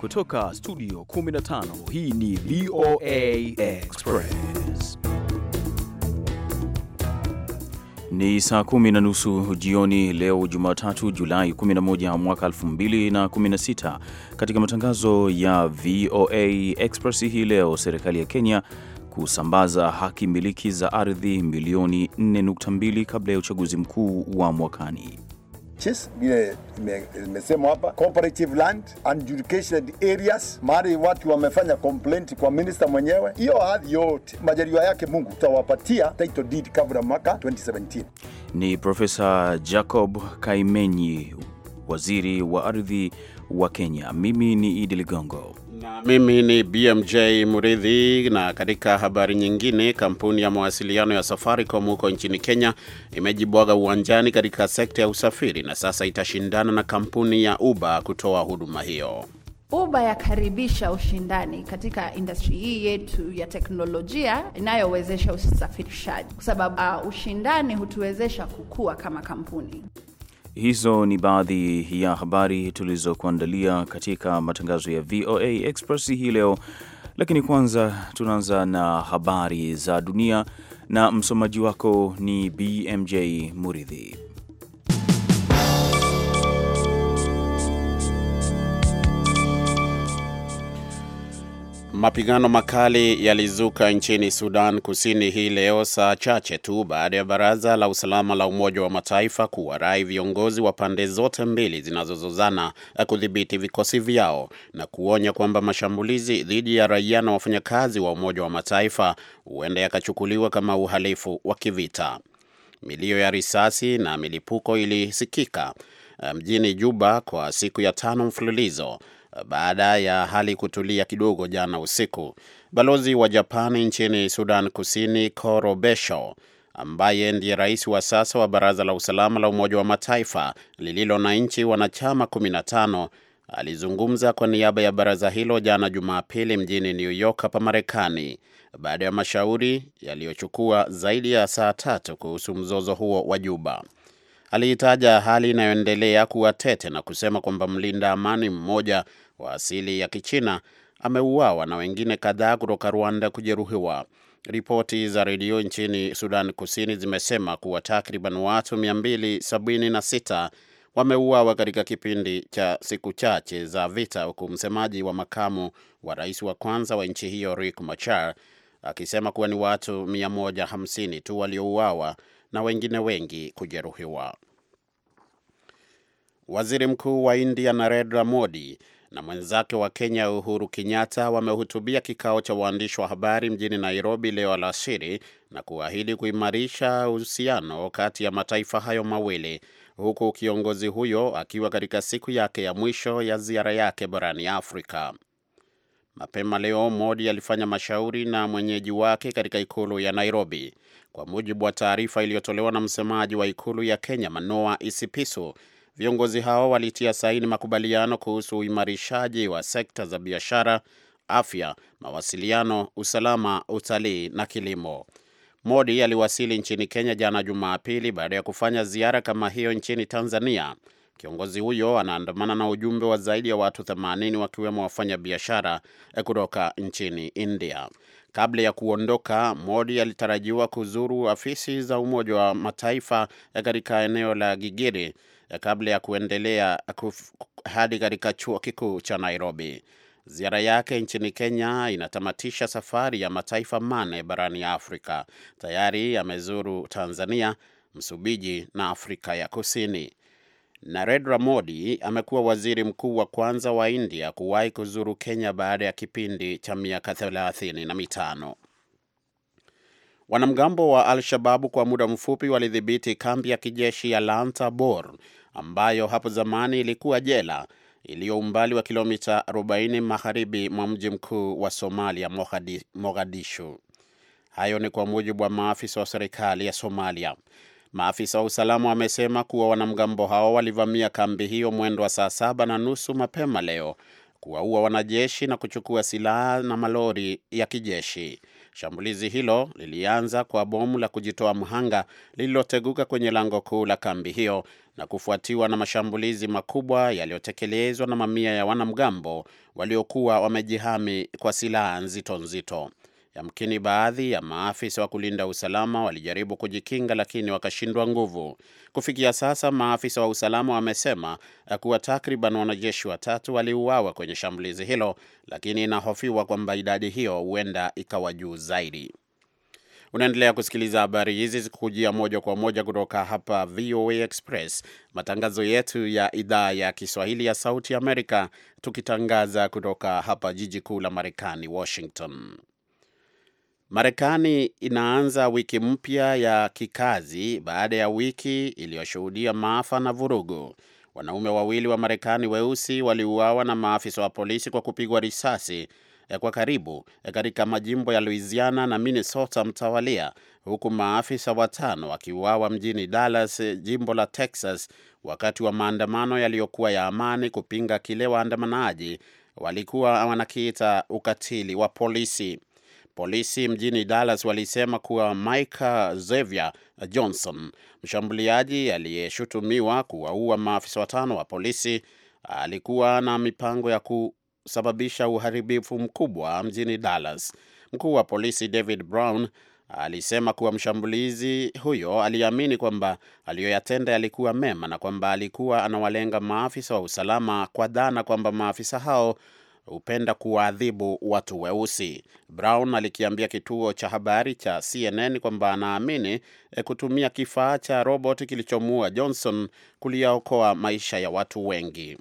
Kutoka studio 15 hii ni VOA Express. Ni saa kumi na nusu jioni leo Jumatatu, Julai 11 mwaka 2016. Katika matangazo ya VOA Express hii leo, serikali ya Kenya kusambaza haki miliki za ardhi milioni 4.2 kabla ya uchaguzi mkuu wa mwakani chess vile imesemwa hapa, cooperative land, unjurisdicted areas, mahali watu wamefanya complaint kwa minister mwenyewe. Hiyo hadhi yote majaliwa yake Mungu tutawapatia title deed kabla mwaka 2017. Ni Profesa Jacob Kaimenyi, waziri wa ardhi wa Kenya. Mimi ni Idi Ligongo. Na mimi ni BMJ Muridhi. Na katika habari nyingine, kampuni ya mawasiliano ya Safaricom huko nchini Kenya imejibwaga uwanjani katika sekta ya usafiri na sasa itashindana na kampuni ya Uber kutoa huduma hiyo. Uber yakaribisha ushindani katika industry hii yetu ya teknolojia inayowezesha usafirishaji, kwa sababu uh, ushindani hutuwezesha kukua kama kampuni. Hizo ni baadhi ya habari tulizokuandalia katika matangazo ya VOA Express hii leo, lakini kwanza tunaanza na habari za dunia na msomaji wako ni BMJ Muridhi. Mapigano makali yalizuka nchini Sudan Kusini hii leo saa chache tu baada ya baraza la usalama la Umoja wa Mataifa kuwarai viongozi wa pande zote mbili zinazozozana kudhibiti vikosi vyao na kuonya kwamba mashambulizi dhidi ya raia na wafanyakazi wa Umoja wa Mataifa huenda yakachukuliwa kama uhalifu wa kivita. Milio ya risasi na milipuko ilisikika eh, mjini Juba kwa siku ya tano mfululizo baada ya hali kutulia kidogo jana usiku. Balozi wa Japani nchini Sudan Kusini Koro Besho ambaye ndiye rais wa sasa wa Baraza la Usalama la Umoja wa Mataifa lililo na nchi wanachama 15 alizungumza kwa niaba ya baraza hilo jana Jumapili mjini New York hapa Marekani, baada ya mashauri yaliyochukua zaidi ya saa tatu kuhusu mzozo huo wa Juba aliitaja hali inayoendelea kuwa tete na kusema kwamba mlinda amani mmoja wa asili ya Kichina ameuawa na wengine kadhaa kutoka Rwanda kujeruhiwa. Ripoti za redio nchini Sudan Kusini zimesema kuwa takriban watu 276 wameuawa katika kipindi cha siku chache za vita, huku msemaji wa makamu wa rais wa kwanza wa nchi hiyo Riek Machar akisema kuwa ni watu 150 tu waliouawa na wengine wengi kujeruhiwa. Waziri Mkuu wa India Narendra Modi na mwenzake wa Kenya Uhuru Kenyatta wamehutubia kikao cha waandishi wa habari mjini Nairobi leo alasiri na kuahidi kuimarisha uhusiano kati ya mataifa hayo mawili huku kiongozi huyo akiwa katika siku yake ya mwisho ya ziara yake barani Afrika. Mapema leo Modi alifanya mashauri na mwenyeji wake katika ikulu ya Nairobi. Kwa mujibu wa taarifa iliyotolewa na msemaji wa ikulu ya Kenya, Manoa Isipiso, viongozi hao walitia saini makubaliano kuhusu uimarishaji wa sekta za biashara, afya, mawasiliano, usalama, utalii na kilimo. Modi aliwasili nchini Kenya jana Jumapili baada ya kufanya ziara kama hiyo nchini Tanzania Kiongozi huyo anaandamana na ujumbe wa zaidi ya watu 80 wakiwemo wafanyabiashara eh, kutoka nchini India. Kabla ya kuondoka, Modi alitarajiwa kuzuru afisi za Umoja wa Mataifa eh, katika eneo la Gigiri eh, kabla ya kuendelea hadi katika chuo kikuu cha Nairobi. Ziara yake nchini Kenya inatamatisha safari ya mataifa mane barani Afrika. Tayari amezuru Tanzania, Msumbiji na Afrika ya Kusini. Narendra Modi amekuwa waziri mkuu wa kwanza wa India kuwahi kuzuru Kenya baada ya kipindi cha miaka thelathini na mitano. Wanamgambo wa Al-Shababu kwa muda mfupi walidhibiti kambi ya kijeshi ya Lanta Bor ambayo hapo zamani ilikuwa jela iliyo umbali wa kilomita 40 magharibi mwa mji mkuu wa Somalia, Mogadishu. Hayo ni kwa mujibu wa maafisa wa serikali ya Somalia. Maafisa wa usalama wamesema kuwa wanamgambo hao walivamia kambi hiyo mwendo wa saa saba na nusu mapema leo kuwaua wanajeshi na kuchukua silaha na malori ya kijeshi. Shambulizi hilo lilianza kwa bomu la kujitoa mhanga lililoteguka kwenye lango kuu la kambi hiyo na kufuatiwa na mashambulizi makubwa yaliyotekelezwa na mamia ya wanamgambo waliokuwa wamejihami kwa silaha nzito nzito. Yamkini baadhi ya maafisa wa kulinda usalama walijaribu kujikinga, lakini wakashindwa nguvu. Kufikia sasa, maafisa wa usalama wamesema eh, kuwa takriban wanajeshi watatu waliuawa kwenye shambulizi hilo, lakini inahofiwa kwamba idadi hiyo huenda ikawa juu zaidi. Unaendelea kusikiliza habari hizi zikikujia moja kwa moja kutoka hapa VOA Express, matangazo yetu ya idhaa ya Kiswahili ya Sauti Amerika, tukitangaza kutoka hapa jiji kuu la Marekani, Washington. Marekani inaanza wiki mpya ya kikazi baada ya wiki iliyoshuhudia maafa na vurugu. Wanaume wawili wa Marekani weusi waliuawa na maafisa wa polisi kwa kupigwa risasi eh, kwa karibu eh, katika majimbo ya Louisiana na Minnesota mtawalia, huku maafisa watano wakiuawa mjini Dallas, eh, jimbo la Texas, wakati wa maandamano yaliyokuwa ya amani kupinga kile waandamanaji walikuwa wanakiita ukatili wa polisi. Polisi mjini Dallas walisema kuwa Michael Xavier Johnson, mshambuliaji aliyeshutumiwa kuwaua maafisa watano wa polisi, alikuwa na mipango ya kusababisha uharibifu mkubwa mjini Dallas. Mkuu wa polisi David Brown alisema kuwa mshambulizi huyo aliamini kwamba aliyoyatenda yalikuwa mema na kwamba alikuwa anawalenga maafisa wa usalama kwa dhana kwamba maafisa hao hupenda kuwaadhibu watu weusi. Brown alikiambia kituo cha habari cha CNN kwamba anaamini eh, kutumia kifaa cha robot kilichomuua Johnson kuliyaokoa maisha ya watu wengi.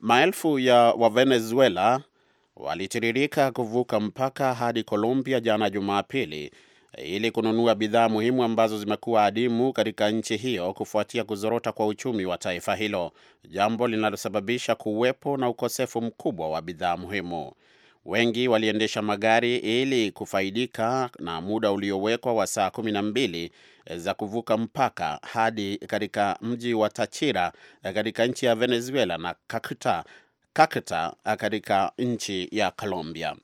Maelfu ya Wavenezuela walitiririka kuvuka mpaka hadi Colombia jana Jumapili ili kununua bidhaa muhimu ambazo zimekuwa adimu katika nchi hiyo kufuatia kuzorota kwa uchumi wa taifa hilo, jambo linalosababisha kuwepo na ukosefu mkubwa wa bidhaa muhimu. Wengi waliendesha magari ili kufaidika na muda uliowekwa wa saa kumi na mbili eh, za kuvuka mpaka hadi katika mji wa Tachira eh, katika nchi ya Venezuela na Kakta eh, katika nchi ya Colombia.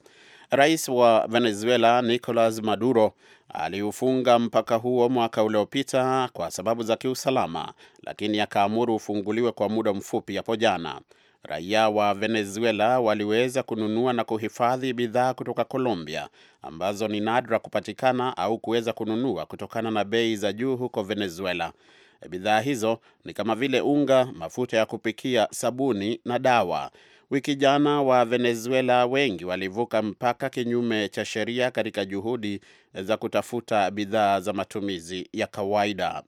Rais wa Venezuela Nicolas Maduro aliufunga mpaka huo mwaka uliopita kwa sababu za kiusalama, lakini akaamuru ufunguliwe kwa muda mfupi hapo jana. Raia wa Venezuela waliweza kununua na kuhifadhi bidhaa kutoka Colombia ambazo ni nadra kupatikana au kuweza kununua kutokana na bei za juu huko Venezuela. Bidhaa hizo ni kama vile unga, mafuta ya kupikia, sabuni na dawa. Wiki jana wa Venezuela wengi walivuka mpaka kinyume cha sheria katika juhudi za kutafuta bidhaa za matumizi ya kawaida.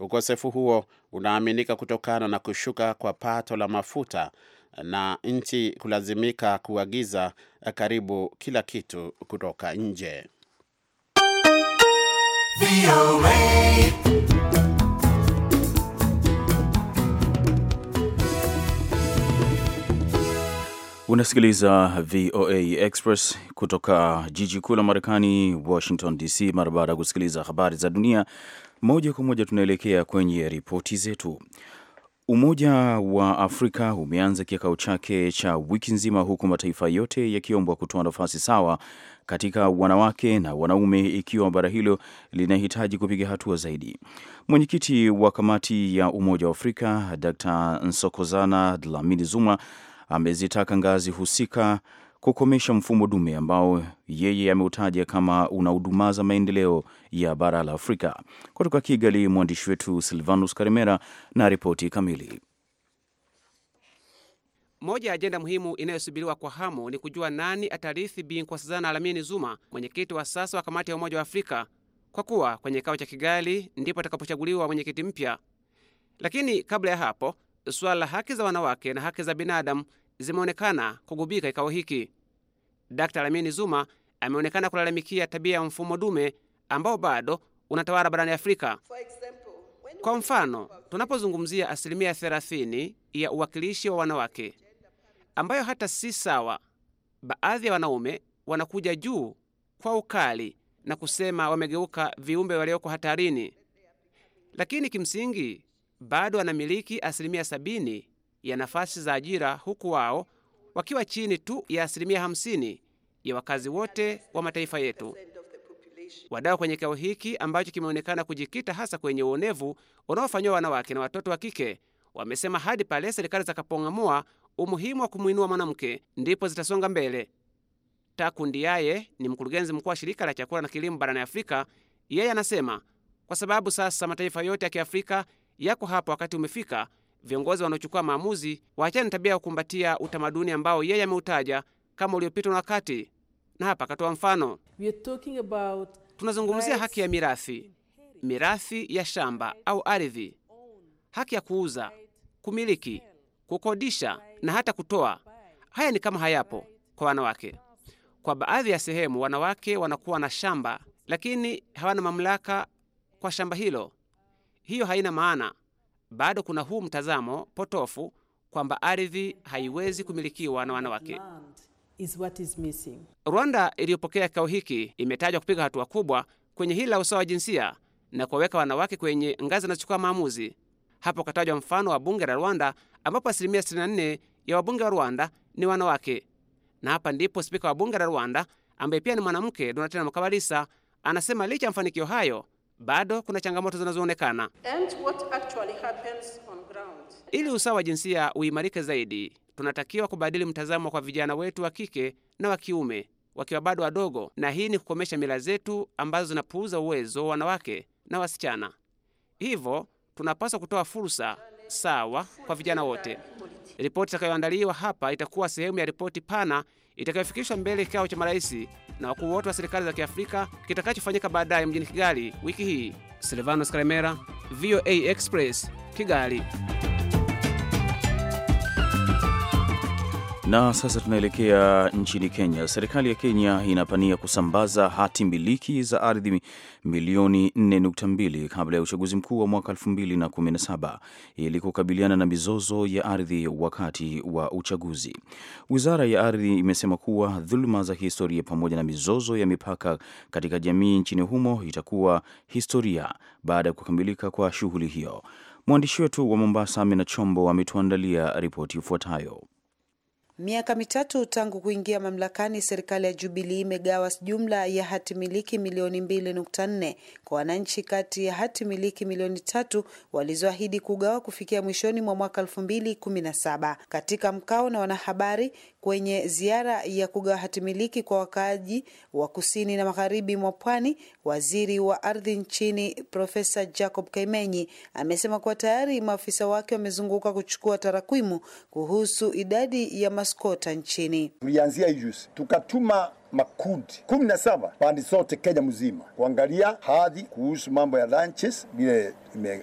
Ukosefu huo unaaminika kutokana na kushuka kwa pato la mafuta na nchi kulazimika kuagiza karibu kila kitu kutoka nje. Unasikiliza VOA Express kutoka jiji kuu la Marekani, Washington DC. Mara baada ya kusikiliza habari za dunia moja kwa moja, tunaelekea kwenye ripoti zetu. Umoja wa Afrika umeanza kikao chake cha wiki nzima huku mataifa yote yakiombwa kutoa nafasi sawa katika wanawake na wanaume ikiwa bara hilo linahitaji kupiga hatua zaidi. Mwenyekiti wa kamati ya Umoja wa Afrika Dr Nsokozana Dlamini Zuma amezitaka ngazi husika kukomesha mfumo dume ambao yeye ameutaja kama unaudumaza maendeleo ya bara la Afrika. Kutoka Kigali, mwandishi wetu Silvanus Karimera na ripoti kamili. Moja ya ajenda muhimu inayosubiriwa kwa hamu ni kujua nani atarithi Bi Nkosazana Dlamini Zuma, mwenyekiti wa sasa wa kamati ya Umoja wa Afrika, kwa kuwa kwenye kikao cha Kigali ndipo atakapochaguliwa mwenyekiti mpya. Lakini kabla ya hapo, suala la haki za wanawake na haki za binadamu zimeonekana kugubika kikao hiki. Dkt. Lamini Zuma ameonekana kulalamikia tabia ya mfumo dume ambao bado unatawala barani Afrika. Kwa mfano, tunapozungumzia asilimia 30 ya uwakilishi wa wanawake ambayo hata si sawa, baadhi ya wanaume wanakuja juu kwa ukali na kusema wamegeuka viumbe walioko hatarini, lakini kimsingi bado wanamiliki asilimia sabini ya nafasi za ajira, huku wao wakiwa chini tu ya asilimia 50 ya wakazi wote wa mataifa yetu. Wadau kwenye kikao hiki ambacho kimeonekana kujikita hasa kwenye uonevu unaofanyiwa wanawake na watoto wa kike wamesema hadi pale serikali zitakapong'amua umuhimu wa kumwinua mwanamke ndipo zitasonga mbele. Taku ni mkurugenzi mkuu wa shirika la chakula na kilimo barani Afrika. Yeye anasema kwa sababu sasa mataifa yote ya Kiafrika yako hapa, wakati umefika viongozi wanaochukua maamuzi waachane na tabia ya kukumbatia utamaduni ambao yeye ameutaja kama uliopitwa na wakati. Na hapa akatoa mfano, tunazungumzia haki ya mirathi, mirathi ya shamba au ardhi, haki ya kuuza, kumiliki, kukodisha na hata kutoa. Haya ni kama hayapo kwa wanawake. Kwa baadhi ya sehemu, wanawake wanakuwa na shamba, lakini hawana mamlaka kwa shamba hilo. Hiyo haina maana bado kuna huu mtazamo potofu kwamba ardhi haiwezi kumilikiwa na wanawake. Rwanda iliyopokea kikao hiki imetajwa kupiga hatua kubwa kwenye hili la usawa wa jinsia na kuwaweka wanawake kwenye ngazi zinazochukua maamuzi. Hapo ukatajwa mfano wa bunge la Rwanda ambapo asilimia 64 ya wabunge wa Rwanda ni wanawake, na hapa ndipo spika wa bunge la Rwanda ambaye pia ni mwanamke Donatella Mukabalisa anasema licha ya mafanikio hayo bado kuna changamoto zinazoonekana. Ili usawa wa jinsia uimarike zaidi, tunatakiwa kubadili mtazamo kwa vijana wetu wa kike na wa kiume wakiwa bado wadogo, na hii ni kukomesha mila zetu ambazo zinapuuza uwezo wa wanawake na wasichana. Hivyo tunapaswa kutoa fursa sawa kwa vijana wote. Ripoti itakayoandaliwa hapa itakuwa sehemu ya ripoti pana itakayofikishwa mbele kikao cha marais na wakuu wote wa serikali za Kiafrika kitakachofanyika baadaye mjini Kigali wiki hii. Silvanos Karemera, VOA Express, Kigali. Na sasa tunaelekea nchini Kenya. Serikali ya Kenya inapania kusambaza hati miliki za ardhi milioni 4.2 kabla ya uchaguzi mkuu wa mwaka 2017 ili kukabiliana na mizozo ya ardhi wakati wa uchaguzi. Wizara ya ardhi imesema kuwa dhuluma za kihistoria pamoja na mizozo ya mipaka katika jamii nchini humo itakuwa historia baada ya kukamilika kwa shughuli hiyo. Mwandishi wetu wa Mombasa, Amina Chombo, ametuandalia ripoti ifuatayo. Miaka mitatu tangu kuingia mamlakani, serikali ya jubilii imegawa jumla ya hati miliki milioni mbili nukta nne kwa wananchi kati ya hati miliki milioni tatu walizoahidi kugawa kufikia mwishoni mwa mwaka elfu mbili kumi na saba. Katika mkao na wanahabari, kwenye ziara ya kugawa hatimiliki kwa wakaaji wa kusini na magharibi mwa pwani, waziri wa ardhi nchini Profesa Jacob Kaimenyi amesema kuwa tayari maafisa wake wamezunguka kuchukua tarakwimu kuhusu idadi ya maskota nchini. Tulianzia juzi tukatuma makundi kumi na saba pande zote Kenya mzima kuangalia hadhi kuhusu mambo ya ranches vile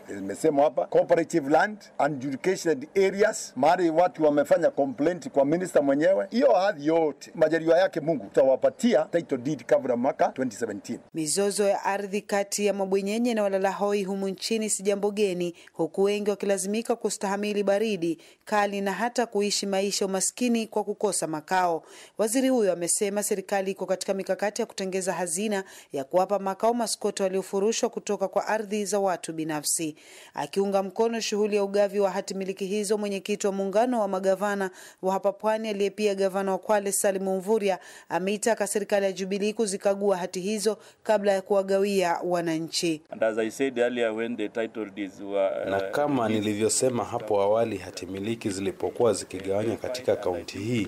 imesemwa hapa, cooperative land adjudication areas, mahali watu wamefanya complaint kwa minister mwenyewe. Hiyo hadhi yote majaliwa yake Mungu tutawapatia title deed kabla mwaka 2017. Mizozo ya ardhi kati ya mabwenyenye na walalahoi humu nchini si jambo geni, huku wengi wakilazimika kustahamili baridi kali na hata kuishi maisha umaskini kwa kukosa makao. Waziri huyo amesema serikali serikali iko katika mikakati ya kutengeza hazina ya kuwapa makao maskoto waliofurushwa kutoka kwa ardhi za watu binafsi. Akiunga mkono shughuli ya ugavi wa hati miliki hizo, mwenyekiti wa muungano wa magavana wa hapa Pwani aliyepia gavana wa Kwale Salimu Mvurya ameitaka serikali ya Jubilii kuzikagua hati hizo kabla ya kuwagawia wananchi. Uh, Na kama nilivyosema hapo awali, hati miliki zilipokuwa zikigawanywa katika kaunti hii,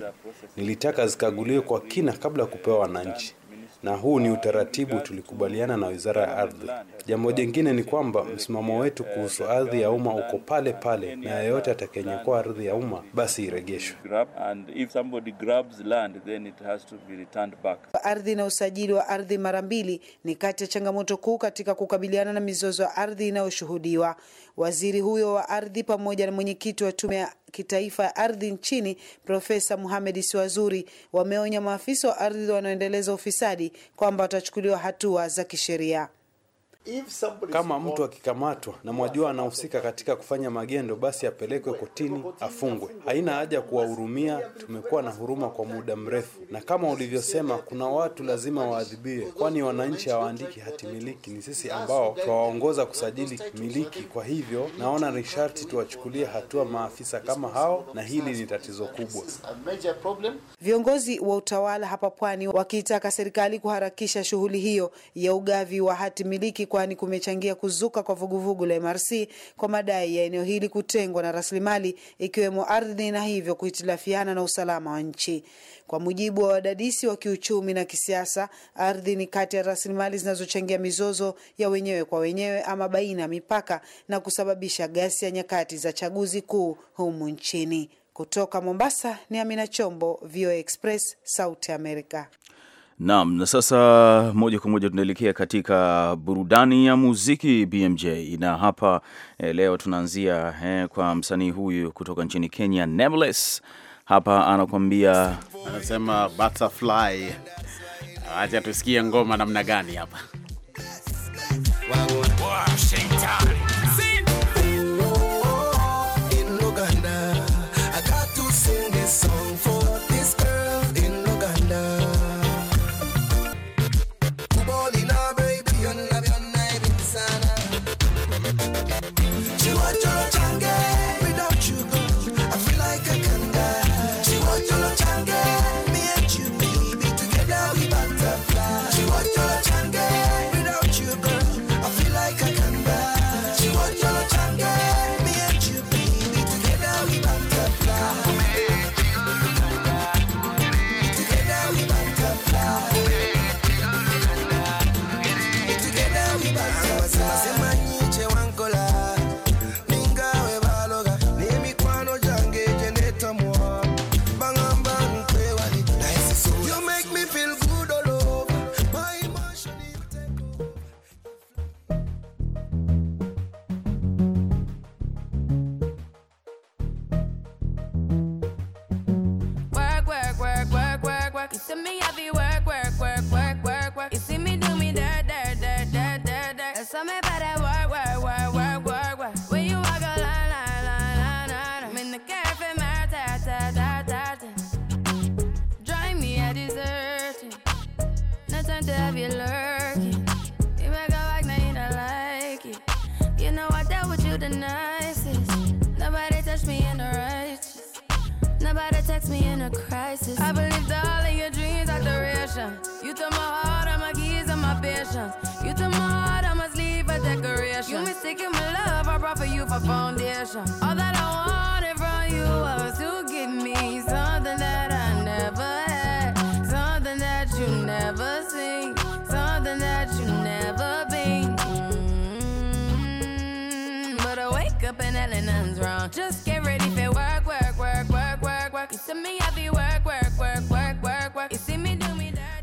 nilitaka zikaguliwe kwa kina kabla kupewa wananchi, na huu ni utaratibu tulikubaliana na wizara ya ardhi. Jambo jingine ni kwamba msimamo wetu kuhusu ardhi ya umma uko pale pale, na yeyote atakayenyakua ardhi ya umma basi iregeshwe. Ardhi na usajili wa ardhi mara mbili ni kati ya changamoto kuu katika kukabiliana na mizozo ya ardhi inayoshuhudiwa. Waziri huyo wa ardhi pamoja na mwenyekiti wa tume ya kitaifa ya ardhi nchini Profesa Muhamed Siwazuri wameonya maafisa wa ardhi wanaoendeleza ufisadi kwamba watachukuliwa hatua za kisheria. Kama mtu akikamatwa na mwajua anahusika katika kufanya magendo, basi apelekwe kotini, afungwe. Haina haja kuwahurumia, tumekuwa na huruma kwa muda mrefu, na kama ulivyosema, kuna watu lazima waadhibiwe, kwani wananchi hawaandiki hati miliki. Ni sisi ambao twawaongoza kusajili miliki. Kwa hivyo, naona ni sharti tuwachukulie hatua maafisa kama hao, na hili ni tatizo kubwa. Viongozi wa utawala hapa pwani wakiitaka serikali kuharakisha shughuli hiyo ya ugavi wa hati miliki kwani kumechangia kuzuka kwa vuguvugu la MRC kwa madai ya eneo hili kutengwa na rasilimali ikiwemo ardhi na hivyo kuhitilafiana na usalama wa nchi. Kwa mujibu wa wadadisi wa kiuchumi na kisiasa, ardhi ni kati ya rasilimali zinazochangia mizozo ya wenyewe kwa wenyewe ama baina ya mipaka na kusababisha ghasia nyakati za chaguzi kuu humu nchini. Kutoka Mombasa ni Amina Chombo, VOA Express, Sauti america Naam, na sasa moja kwa moja tunaelekea katika burudani ya muziki BMJ, na hapa eh, leo tunaanzia eh, kwa msanii huyu kutoka nchini Kenya Nameless. Hapa anakuambia anasema butterfly. Acha tusikie ngoma namna gani hapa. Washington.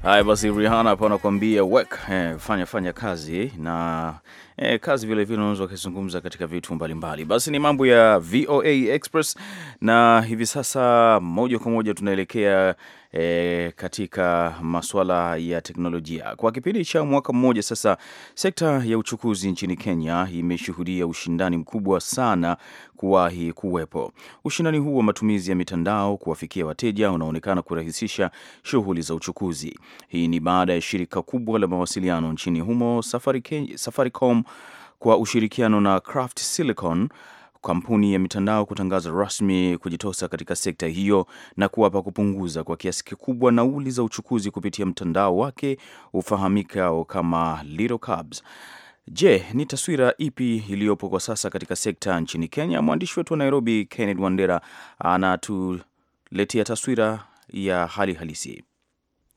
Haya basi, Rihanna hapa anakuambia work, eh, fanya fanya kazi na eh, kazi vilevile unaweza kuzungumza katika vitu mbalimbali Basi ni mambo ya VOA Express na hivi sasa moja kwa moja tunaelekea e, katika masuala ya teknolojia. Kwa kipindi cha mwaka mmoja sasa, sekta ya uchukuzi nchini Kenya imeshuhudia ushindani mkubwa sana kuwahi kuwepo. Ushindani huu wa matumizi ya mitandao kuwafikia wateja unaonekana kurahisisha shughuli za uchukuzi. Hii ni baada ya shirika kubwa la mawasiliano nchini humo Safaricom, Safaricom kwa ushirikiano na Craft Silicon kampuni ya mitandao kutangaza rasmi kujitosa katika sekta hiyo na kuwapa kupunguza kwa kiasi kikubwa nauli za uchukuzi kupitia mtandao wake ufahamikao kama Little Cabs. Je, ni taswira ipi iliyopo kwa sasa katika sekta nchini Kenya? Mwandishi wetu wa Nairobi Kenneth Wandera anatuletea taswira ya hali halisi.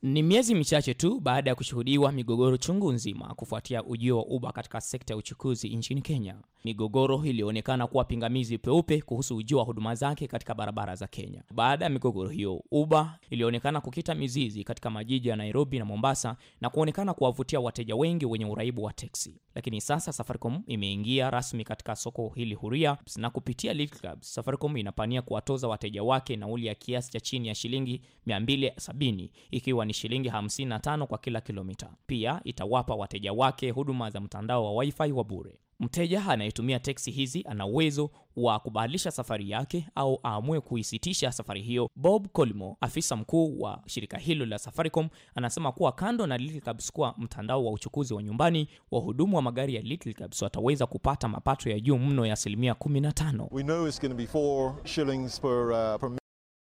Ni miezi michache tu baada ya kushuhudiwa migogoro chungu nzima kufuatia ujio wa Uber katika sekta ya uchukuzi nchini Kenya. Migogoro ilionekana kuwa pingamizi peupe kuhusu ujio wa huduma zake katika barabara za Kenya. Baada ya migogoro hiyo, Uber ilionekana kukita mizizi katika majiji ya Nairobi na Mombasa na kuonekana kuwavutia wateja wengi wenye uraibu wa teksi lakini sasa Safaricom imeingia rasmi katika soko hili huria na kupitia Little Clubs, Safaricom inapania kuwatoza wateja wake nauli ya kiasi cha chini ya shilingi 270 ikiwa ni shilingi 55 kwa kila kilomita. Pia itawapa wateja wake huduma za mtandao wa wifi wa bure. Mteja anayetumia teksi hizi ana uwezo wa kubadilisha safari yake au aamue kuisitisha safari hiyo. Bob Colimo, afisa mkuu wa shirika hilo la Safaricom, anasema kuwa kando na Little Cabs kuwa mtandao wa uchukuzi wa nyumbani, wahudumu wa magari ya Little Cabs wataweza kupata mapato ya juu mno ya asilimia 15.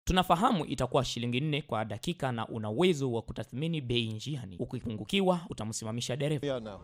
Tunafahamu itakuwa shilingi nne kwa dakika na una uwezo wa kutathmini bei njiani. Ukipungukiwa utamsimamisha dereva. Yeah, no,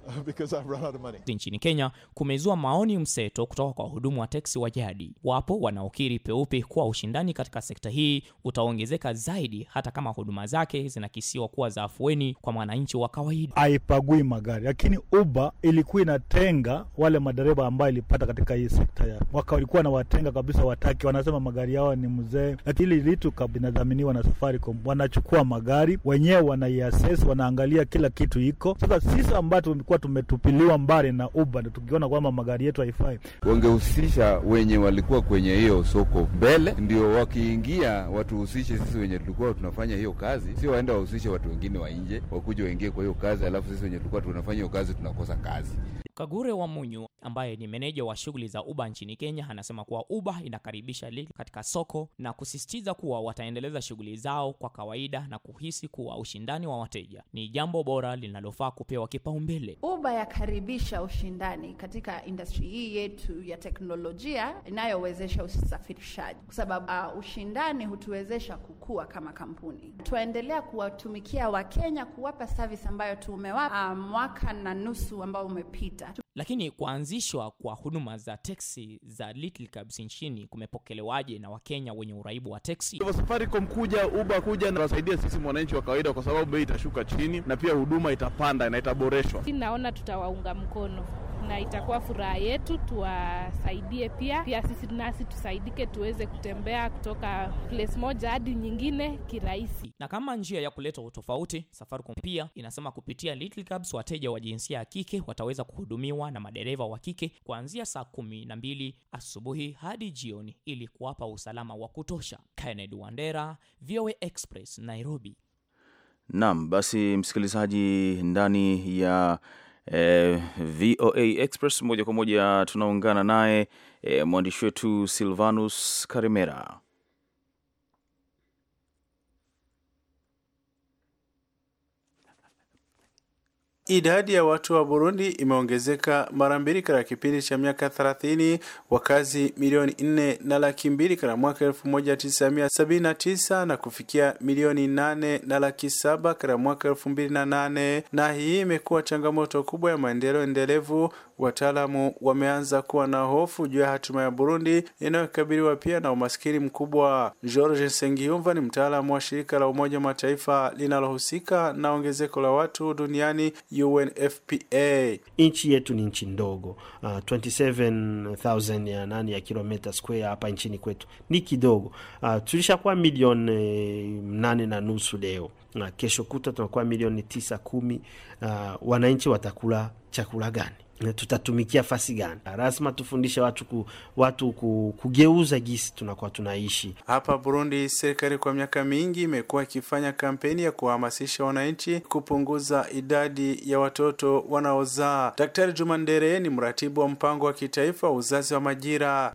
Nchini Kenya kumezua maoni mseto kutoka kwa wahudumu wa teksi wa jadi. Wapo wanaokiri peupe kuwa ushindani katika sekta hii utaongezeka zaidi hata kama huduma zake zinakisiwa kuwa za afueni kwa mwananchi wa kawaida. Haipagui magari, lakini Uber ilikuwa inatenga wale madereva ambayo ilipata katika hii sekta ya waka, walikuwa na watenga kabisa, wataki wanasema magari yao ni mzee lakini vitu vinadhaminiwa na Safaricom, wanachukua magari wenyewe, wanaiases wanaangalia kila kitu iko. Sasa sisi ambayo tumekuwa tumetupiliwa mbali na Uber, tukiona kwamba magari yetu haifai, wangehusisha wenye walikuwa kwenye hiyo soko mbele, ndio wakiingia watuhusishe sisi wenye tulikuwa tunafanya hiyo kazi, sio waenda wahusishe watu wengine wa nje wakuja waingie kwa hiyo kazi, alafu sisi wenye tulikuwa tunafanya hiyo kazi tunakosa kazi. Kagure wa Munyu ambaye ni meneja wa shughuli za Uber nchini Kenya anasema kuwa Uber inakaribisha Lyft katika soko na kusisitiza kuwa wataendeleza shughuli zao kwa kawaida na kuhisi kuwa ushindani wa wateja ni jambo bora linalofaa kupewa kipaumbele. Uber yakaribisha ushindani katika industry hii yetu ya teknolojia inayowezesha usafirishaji, kwa sababu uh, ushindani hutuwezesha kukua kama kampuni. Tuendelea kuwatumikia Wakenya, kuwapa service ambayo tumewapa uh, mwaka na nusu ambao umepita lakini kuanzishwa kwa huduma za teksi za Little Cabs nchini kumepokelewaje na Wakenya wenye uraibu wa teksi? Kwa Safaricom kuja, uba kuja na wasaidia sisi mwananchi wa kawaida, kwa sababu bei itashuka chini na pia huduma itapanda na itaboreshwa. Naona tutawaunga mkono na itakuwa furaha yetu tuwasaidie pia, pia sisi nasi tusaidike tuweze kutembea kutoka place moja hadi nyingine kirahisi. Na kama njia ya kuleta utofauti, Safaricom pia inasema kupitia Little Cabs wateja wa jinsia ya kike wataweza kuhudumiwa na madereva wa kike kuanzia saa kumi na mbili asubuhi hadi jioni ili kuwapa usalama wa kutosha. Kennedy Wandera, VOA Express, Nairobi. nam basi msikilizaji, ndani ya Eh, VOA Express moja kwa moja tunaungana naye eh, mwandishi wetu Silvanus Karimera. Idadi ya watu wa Burundi imeongezeka mara mbili katika kipindi cha miaka 30, wakazi milioni 4 na laki mbili katika mwaka 1979 na kufikia milioni 8 na laki saba katika mwaka 2008, na hii imekuwa changamoto kubwa ya maendeleo endelevu. Wataalamu wameanza kuwa na hofu juu ya hatima ya Burundi inayokabiliwa pia na umaskini mkubwa. George Sengiyumva ni mtaalamu wa shirika la Umoja wa Mataifa linalohusika na ongezeko la watu duniani UNFPA. Nchi yetu ni nchi ndogo uh, ah, 27000 ya nani ya kilomita square hapa nchini kwetu ni kidogo. Uh, tulishakuwa milioni mnane eh, na nusu leo na ah, kesho kuta tunakuwa milioni tisa kumi. Uh, wananchi watakula chakula gani? tutatumikia fasi gani? Ah, lazima tufundishe watu, ku, watu ku, kugeuza gisi tunakuwa tunaishi hapa Burundi. Serikali kwa miaka mingi imekuwa ikifanya kampeni ya kuhamasisha wananchi kupunguza idadi ya watoto wanaozaa. Daktari Juma Ndere ni mratibu wa mpango wa kitaifa wa uzazi wa majira.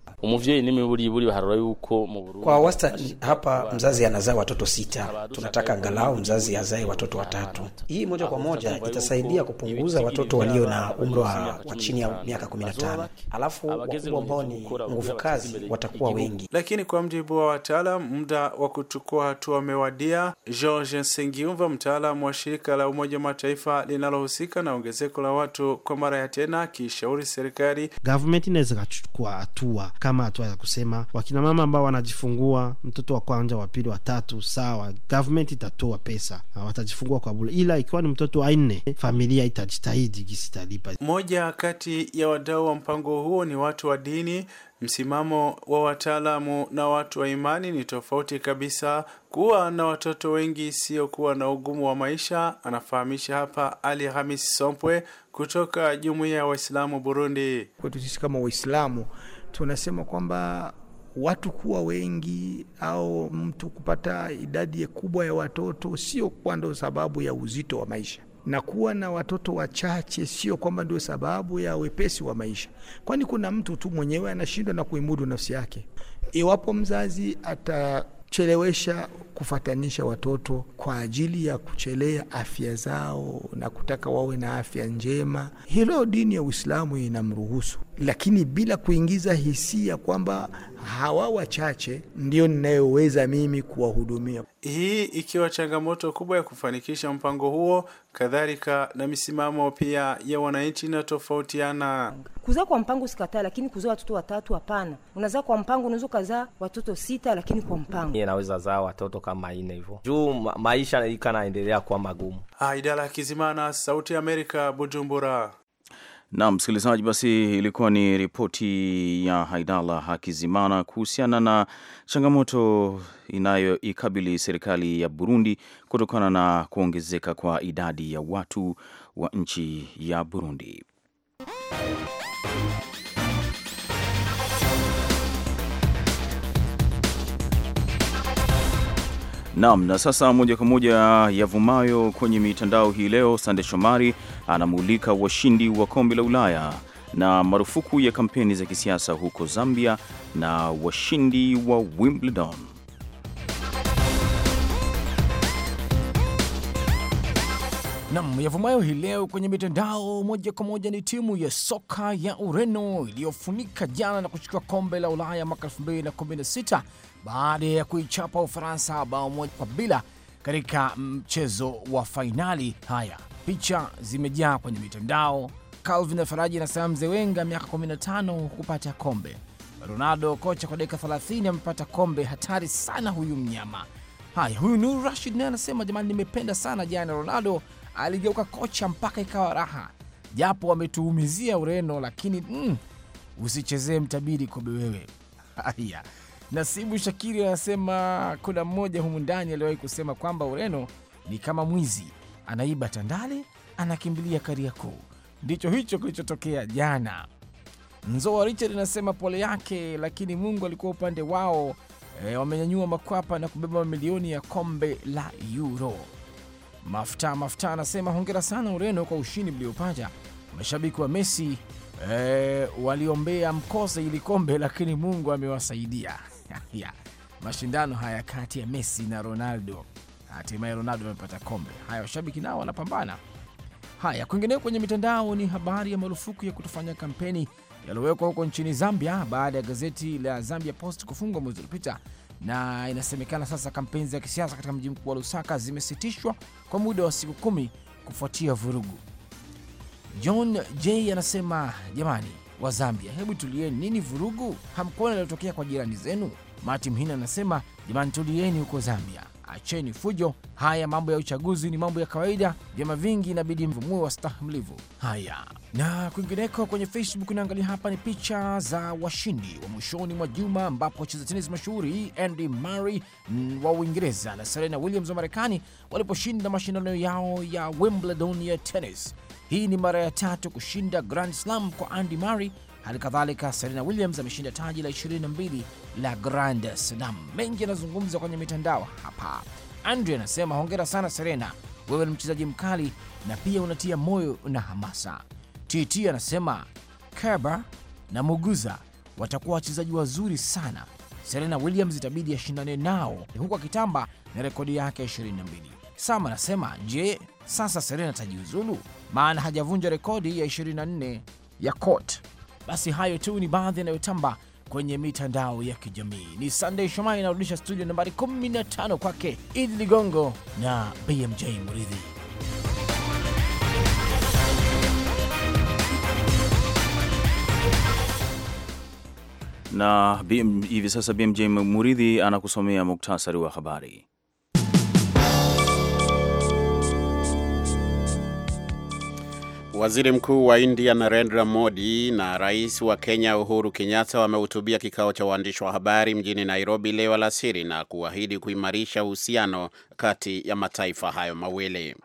Kwa wastani hapa mzazi anazaa watoto sita, tunataka angalau mzazi azae watoto watatu. Hii moja kwa moja itasaidia kupunguza watoto walio na umri wa wa chini ya miaka 15, alafu wakubwa ambao ni nguvu kazi watakuwa wengi. Lakini kwa mjibu wa wataalam, muda wa kuchukua hatua umewadia. George Nsengiumva, mtaalam wa shirika la Umoja wa Mataifa linalohusika na ongezeko la watu, kwa mara ya tena akishauri serikali, government inaweza kachukua hatua kama hatua ya kusema wakinamama ambao wanajifungua mtoto wa kwanza, wa pili, wa tatu, sawa, government itatoa pesa watajifungua kwa bure, ila ikiwa ni mtoto wa nne, familia itajitahidi gisi italipa moja kati ya wadau wa mpango huo ni watu wa dini. Msimamo wa wataalamu na watu wa imani ni tofauti kabisa. Kuwa na watoto wengi sio kuwa na ugumu wa maisha, anafahamisha hapa Ali Hamis Sompwe kutoka Jumuiya ya Waislamu Burundi. Kwetu sisi kama Waislamu tunasema kwamba watu kuwa wengi au mtu kupata idadi kubwa ya watoto sio kwando sababu ya uzito wa maisha na kuwa na watoto wachache sio kwamba ndio sababu ya wepesi wa maisha, kwani kuna mtu tu mwenyewe anashindwa na kuimudu nafsi yake. Iwapo mzazi atachelewesha kufatanisha watoto kwa ajili ya kuchelea afya zao na kutaka wawe na afya njema, hilo dini ya Uislamu inamruhusu lakini bila kuingiza hisia kwamba hawa wachache ndio ninayoweza mimi kuwahudumia. Hii ikiwa changamoto kubwa ya kufanikisha mpango huo, kadhalika na misimamo pia ya wananchi inatofautiana. Kuzaa kwa mpango sikataa, lakini kuzaa watoto watatu hapana. Unazaa kwa mpango, unaweza ukazaa watoto sita, lakini kwa mpango naweza zaa watoto kama ine hivo juu ma maisha ikanaendelea kuwa magumu. Ah, ya Kizimana, Sauti ya Amerika, Bujumbura. Naam msikilizaji, basi ilikuwa ni ripoti ya Haidala Hakizimana kuhusiana na changamoto inayoikabili serikali ya Burundi kutokana na kuongezeka kwa idadi ya watu wa nchi ya Burundi. Naam, na sasa moja kwa moja yavumayo kwenye mitandao hii leo, Sande Shomari anamulika washindi wa kombe la Ulaya na marufuku ya kampeni za kisiasa huko Zambia na washindi wa Wimbledon. Nam yavumayo hii leo kwenye mitandao moja kwa moja ni timu ya soka ya Ureno iliyofunika jana na kuchukua kombe la Ulaya mwaka 2016 baada ya kuichapa Ufaransa bao moja kwa bila katika mchezo wa fainali. Haya, picha zimejaa kwenye mitandao. Calvin Faraji anasema mzee Wenga miaka 15 kupata kombe. Ronaldo kocha kwa dakika 30 amepata kombe, hatari sana huyu mnyama. Haya, huyu Nur Rashid naye anasema jamani, nimependa sana jana, Ronaldo aligeuka kocha mpaka ikawa raha, japo ametuumizia Ureno, lakini mm, usichezee mtabiri kobe wewe. Haya. Nasibu Shakiri anasema kuna mmoja humu ndani aliwahi kusema kwamba Ureno ni kama mwizi, anaiba Tandale anakimbilia Kariakoo. Ndicho hicho kilichotokea jana. Nzoa Richard anasema pole yake, lakini Mungu alikuwa upande wao. E, wamenyanyua makwapa na kubeba mamilioni ya kombe la Euro. Mafuta Mafuta anasema hongera sana Ureno kwa ushindi mliopata. Mashabiki wa Messi e, waliombea mkose ili kombe, lakini Mungu amewasaidia. ya mashindano haya kati ya Messi na Ronaldo. Hatimaye Ronaldo amepata kombe. Haya, washabiki nao wanapambana. Haya, kwingineo kwenye mitandao ni habari ya marufuku ya kutofanya kampeni yaliyowekwa huko nchini Zambia baada ya gazeti la Zambia Post kufungwa mwezi uliopita, na inasemekana sasa kampeni za kisiasa katika mji mkuu wa Lusaka zimesitishwa kwa muda wa siku kumi kufuatia vurugu. John J anasema jamani, wa Zambia, hebu tulieni, nini vurugu? Hamkuona iliyotokea kwa jirani zenu? Martin Mhina anasema jamani, tulieni huko Zambia, acheni fujo. Haya mambo ya uchaguzi ni mambo ya kawaida, vyama vingi inabidi mvumue wastahamilivu. Haya na kwingineko, kwenye Facebook naangalia hapa ni picha za washindi wa mwishoni mwa juma, ambapo wacheza tenisi mashuhuri Andy Murray mm, wa Uingereza na Serena Williams wa Marekani waliposhinda mashindano yao ya Wimbledon ya tennis. Hii ni mara ya tatu kushinda Grand Slam kwa Andy Murray. Hali kadhalika Serena Williams ameshinda taji la 22 la Grand Slam. Mengi yanazungumzwa kwenye mitandao hapa. andre anasema hongera sana Serena, wewe ni mchezaji mkali na pia unatia moyo na hamasa. TT anasema Kerber na Muguza watakuwa wachezaji wazuri sana. Serena Williams itabidi ashindane nao, huku akitamba na rekodi yake 22. Sam anasema je, sasa Serena tajiuzulu? maana hajavunja rekodi ya 24 ya COT. Basi hayo tu ni baadhi yanayotamba kwenye mitandao ya kijamii. Ni Sunday Shomai inarudisha studio nambari 15 kwake Idi Ligongo na BMJ Mridhi. Na hivi sasa BMJ Muridhi anakusomea muktasari wa habari. Waziri Mkuu wa India Narendra Modi na Rais wa Kenya Uhuru Kenyatta wamehutubia kikao cha waandishi wa habari mjini Nairobi leo alasiri na kuahidi kuimarisha uhusiano kati ya mataifa hayo mawili.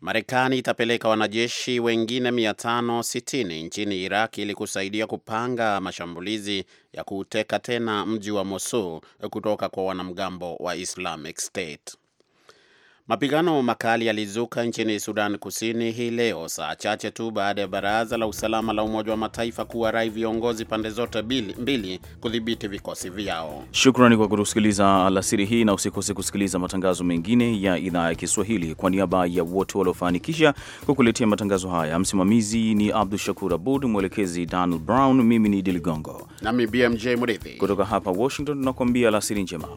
Marekani itapeleka wanajeshi wengine 560 nchini Iraq ili kusaidia kupanga mashambulizi ya kuuteka tena mji wa Mosul kutoka kwa wanamgambo wa Islamic State. Mapigano makali yalizuka nchini Sudan Kusini hii leo saa chache tu baada ya baraza la usalama la Umoja wa Mataifa kuwarai viongozi pande zote mbili kudhibiti vikosi vyao. Shukrani kwa kutusikiliza alasiri hii, na usikose kusikiliza matangazo mengine ya idhaa ya Kiswahili. Kwa niaba ya wote waliofanikisha kukuletea matangazo haya, msimamizi ni Abdu Shakur Abud, mwelekezi Daniel Brown, mimi ni Idi Ligongo nami BMJ Mridhi kutoka hapa Washington, tunakuambia alasiri njema.